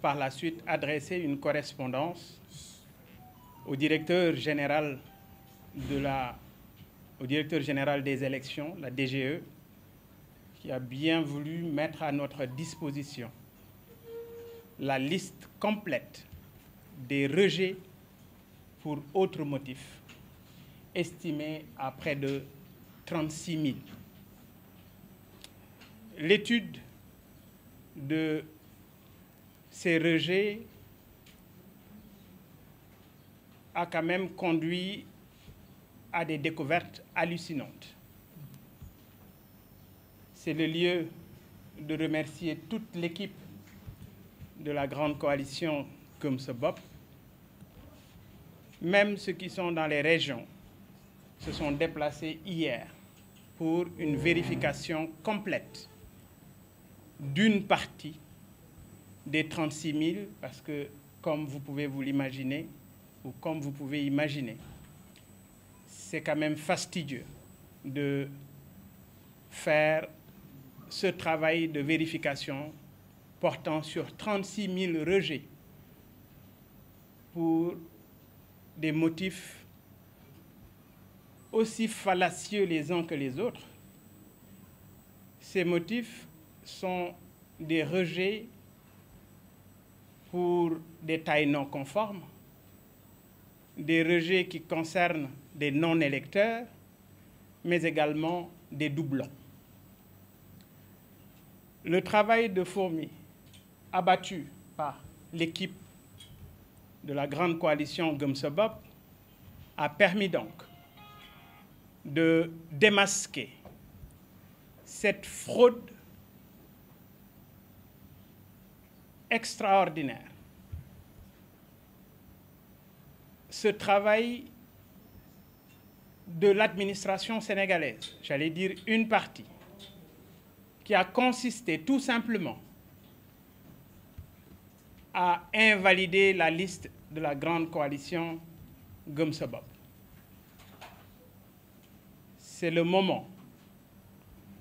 par la suite adressé une correspondance au directeur général de la général des élections, la DGE, a bien voulu disposition la liste complète des rejets pour autres motifs, estimés de 36 000. L'étude ces rejets a quand même conduit à des découvertes hallucinantes. C'est le lieu de remercier toute l'équipe de la grande coalition comme ce BOP, même ceux qui sont dans les régions se sont déplacés hier pour une vérification complète d'une partie des 36 000 parce que, comme vous pouvez vous l'imaginer, ou même fastidieux de faire ce travail de vérification portant sur 36 000 rejets pour des motifs aussi fallacieux les uns que les autres. des rejets pour des tailles non conformes, des rejets qui concernent des non-électeurs, mais également des doublons. Le travail de fourmi abattu par l'équipe de la grande coalition Gumsebop a permis donc de démasquer cette fraude extraordinaire. Ce travail de l'administration sénégalaise, j'allais dire une partie, qui a consisté tout simplement à invalider la liste de la grande coalition Gëm Sa C'est le moment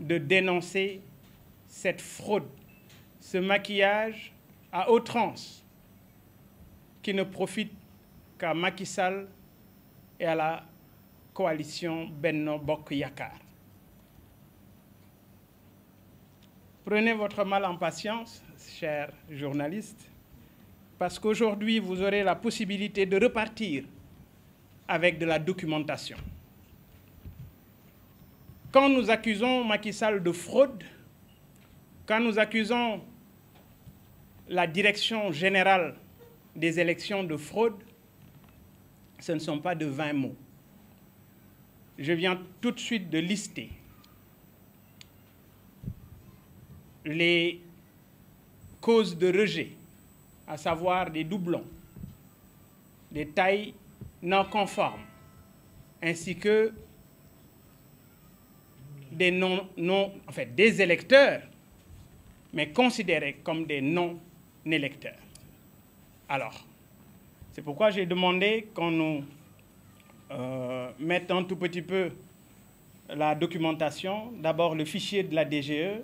de dénoncer cette fraude, ce maquillage à outrance qui ne profite qu'à Macky Sall et à la coalition Benno Bokk Yakaar. Prenez votre mal en patience, chers journalistes, parce qu'aujourd'hui, vous aurez la possibilité de repartir avec de la documentation. Quand nous accusons Macky Sall de fraude, quand nous accusons la direction générale des élections de fraude, ce ne sont pas de 20 mots. Je viens tout de suite de lister les causes de rejet, à savoir des doublons, des tailles non conformes, ainsi que des, non, non, en fait, des électeurs, mais considérés comme des non-conformes électeur. Alors, c'est pourquoi j'ai demandé qu'on nous euh, mette un tout petit peu la documentation, d'abord le fichier de la DGE,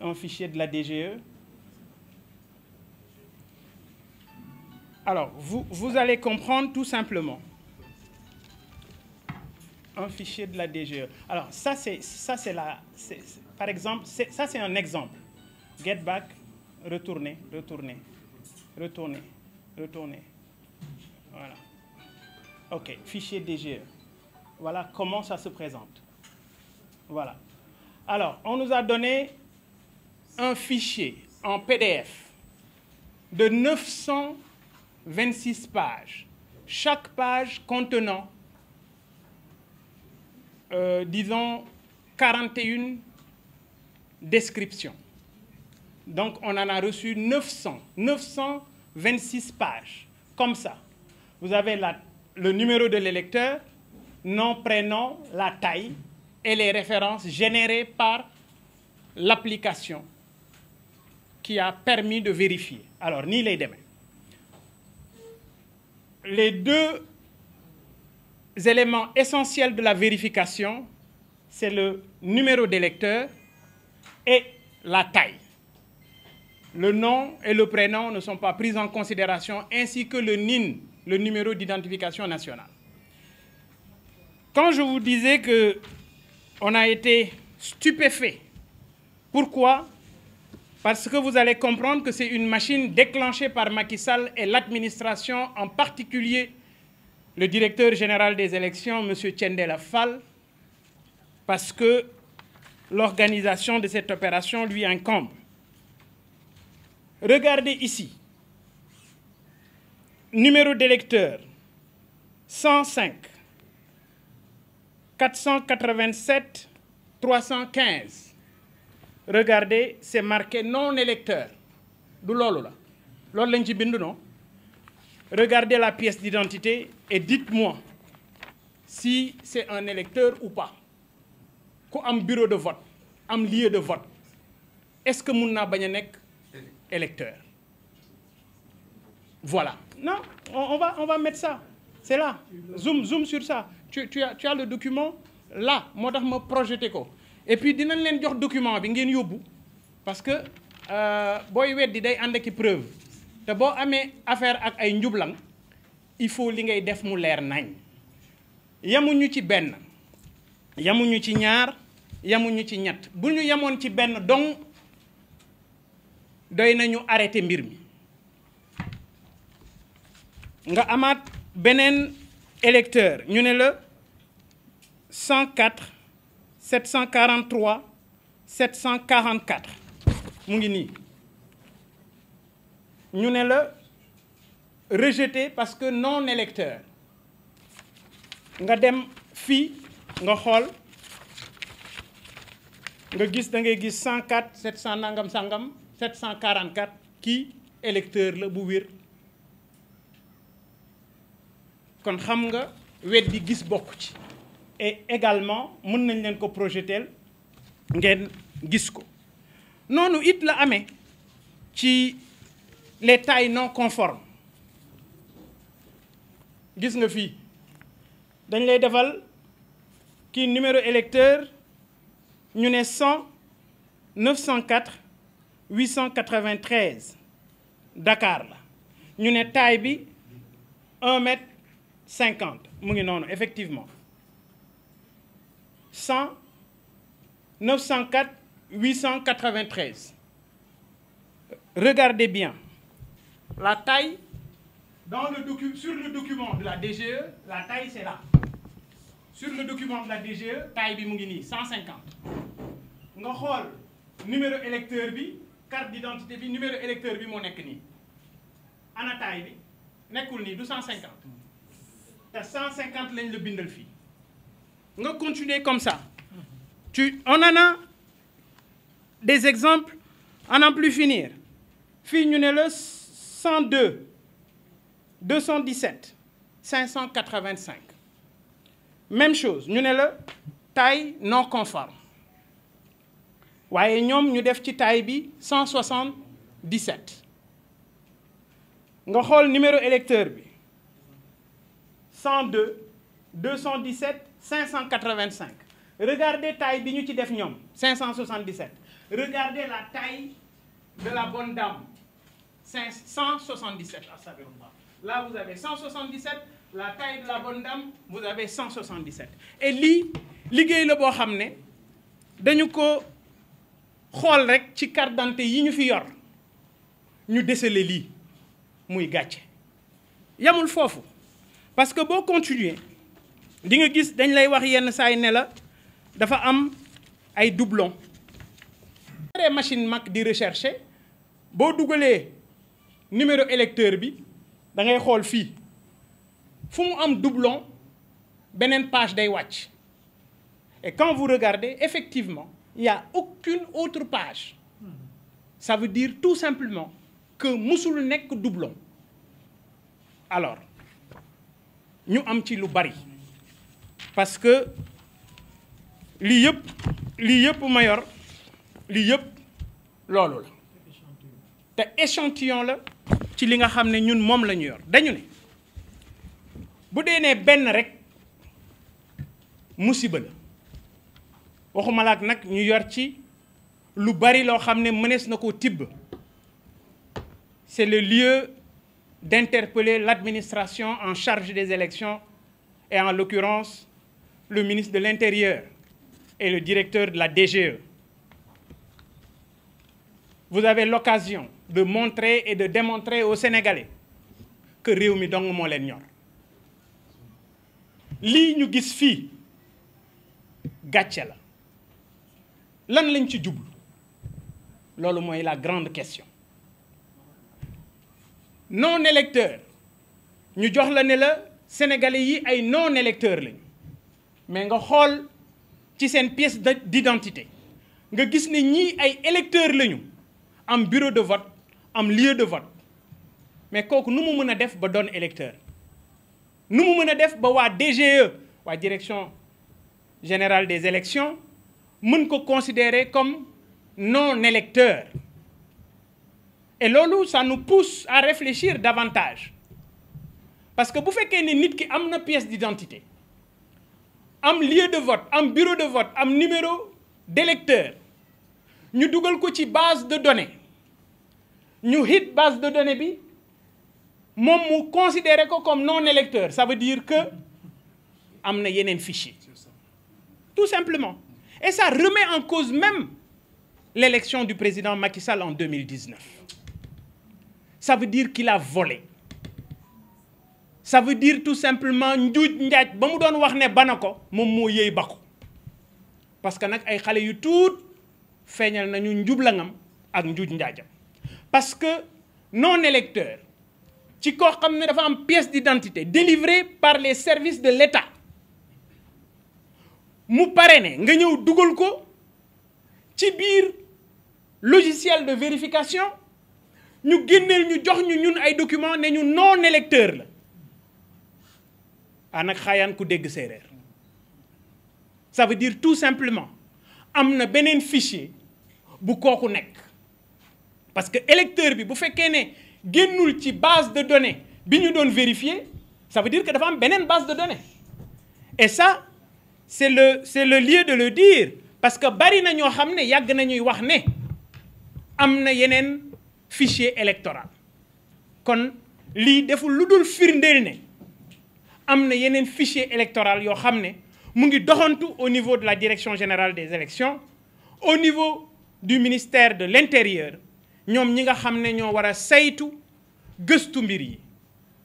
un fichier de la DGE. Alors, vous, vous allez comprendre tout simplement. Un fichier de la DGE. Alors, ça, c'est, ça, c'est la, c est, c est, par exemple, ça, c'est un exemple. Get back retourner retourner retourner retourner voilà ok fichier DGE voilà comment ça se présente voilà alors on nous a donné un fichier en PDF de 926 pages chaque page contenant euh, disons 41 descriptions Donc on en a reçu 900, 926 pages, comme ça. Vous avez la, le numéro de l'électeur, nom, prénom, la taille et les références générées par l'application qui a permis de vérifier. Alors, ni les demain. Les deux éléments essentiels de la vérification, c'est le numéro d'électeur et la taille. le nom et le prénom ne sont pas pris en considération, ainsi que le NIN, le numéro d'identification nationale. Quand je vous disais que on a été stupéfait, pourquoi Parce que vous allez comprendre que c'est une machine déclenchée par Macky Sall et l'administration, en particulier le directeur général des élections, M. Tiendela Fall, parce que l'organisation de cette opération lui incombe. Regardez ici. Numéro d'électeur 105 487 315. Regardez, c'est marqué non électeur. Du loolu la. Loolu lañ ci bindu non. la pièce d'identité et dites-moi si c'est un électeur ou pas. ku am bureau de vote am lieu de vote est-ce que mun naa bañ a nekk électeurs. Voilà. Non, on, on, va, on va mettre ça. C'est là. Zoom, zoom sur ça. Tu, tu, as, tu as le document là. Moi, je me projeté. Et puis, je vais vous le document. Parce que, euh, si vous avez des preuves, te boo amee affaire ak ay njublan il faut li ngay def mu leer nañ. Yamuñu ci benn yamuñu ci ñaar yamuñu ci ñett buñu yamone ci benn dong doy nañu arrêté mbir mi nga amaat beneen électeur ñu ne la cent 104 743 744 mu ngi nii ñu ne la rejeté parce que non électeur nga dem fii nga xool nga gis da ngay gis 104 700 nangam sangam 744 kii électeur la bu wér kon xam nga wet bi gis bokk ci et également mën nañ leen ko projetel ngeen gis ko noonu it la ame ci les tailles non conformes gis nga fii dañ lay defal kii numéro électeur ñu ne 893 Dakar la ñu ne taille bi 1 mètre 50 mu ngi noonu effectivement 100 904 893 regardez bien la taille dans le docu sur le document de la DGE la taille c'est là sur le document de la DGE taille bi mu ngi ni 150 nga xool numéro électeur bi. carte d'identité bi numéro électeur bi moo nekk nii ana taay bi nekkul nii du cent cinquante te cent cinquante lañ la bindal fii nga continuer comme ça tu on en a des exemples à n'en plus finir fii ñu ne la cent deux cent dix-sept cinq cent quatre cinq même chose ñu ne la taille non conforme waaye ñoom ñu def ci taille bi 177 nga xool numéro électeur bi 102 217 585 regardez taille bi ñu ci def ñoom 577 regardez la taille de la bon dame 577 astaghfirullah là vous la taille de la bonne dame vous avez 177 et lii liggéey la boo xam ne dañu ko xool rek ci carte d'identité yi ñu fi yor ñu déceler lii muy gàcce yamul foofu parce que boo continuer di nga gis dañ lay wax yenn saay ne la dafa am ay doublon re machine mag di recherche boo dugalee numéro électeur bi da ngay xool fii fu mu am doublon beneen page day wàcc et quand vous regardez effectivement yaa n'y a aucune autre page ça veut dire tout simplement que musul nekk doublon alors ñu am ci lu bari parce que lii yëpp lii yëpp ma yor lii yëpp loolu la te échantillon la ci li nga xam ne ñun moom la ñu yor dañu ne bu dee ne benn rek musiba la waxumalaat nag ñu yor ci lu bari loo xam ne mënees na koo tibb c'est le lieu d'interpeller l'administration en charge des élections et en l'occurrence le ministre de l'Intérieur et le directeur de la DGE. Vous avez l'occasion de montrer et de démontrer au Sénégalais que réew mi dong moo leen ñor lii ñu gis fii gàcce la lan lañ ci jublu loolu mooy la grande question non électeur ñu jox la ne la sénégalais yi ay non électeur lañ mais nga xool ci seen pièce d'identité nga gis ne ñii ay électeur lañu am bureau de vote am lieu de vote mais kooku nu mu mën a def ba doon électeur nu mu mën a def ba waa DGE waa direction générale des élections mën ko considérer comme non électeur et loolu ça nous pousse à réfléchir davantage parce que bu fekkee ni nit ki am na pièce d'identité am lieu de vote am bureau de vote am numéro d'électeur ñu dugal ko ci base de données ñu hit base de données bi moom mu considérer ko comme non électeur ça veut dire que am na yeneen fichier tout simplement Et ça remet en cause même l'élection du président Macky Sall en 2019. Ça veut dire qu'il a volé. Ça veut dire tout simplement njuuj njaaj ba mu doon wax ne bana ko moom moo yëy ba ko parce que nag ay xale yu tuut feeñal nañu njublangam ak njuuj njaajam parce que non électeur ci koo xam ne dafa am pièce d'identité délivrée par les service de l'État mu ne nga ñëw dugal ko ci biir logiciel de vérification ñu génneel ñu jox ñu ñun ay documents ne ñu non électeur la anak ah, xaayaan ku dégg séeréer ça veut dire tout simplement am na beneen fichier bu kooku nekk parce que électeur bi bu fekkee ne génnul ci base de données bi ñu doon vérifier ça veut dire que dafa am beneen base de données et ça c'est le c'est le lieu de le dire parce que bari na ñoo xam ne yàgg nañuy wax ne am na yeneen fichier électoral kon lii deful lu dul firndeel ne am na yeneen fichier électoral yoo xam ne mu ngi doxantu au niveau de la direction générale des élections au niveau du ministère de l'intérieur ñoom ñi nga xam ne ñoo war a saytu gëstu mbir yi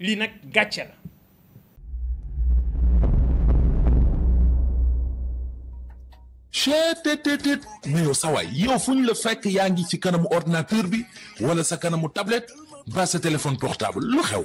lii nag gàcce la chetttt mais yow sawaay yow fu ñu la fekk yaa ngi ci kanamu ordinateur bi wala sa kanamu tablette ba sa téléphone portable lu xew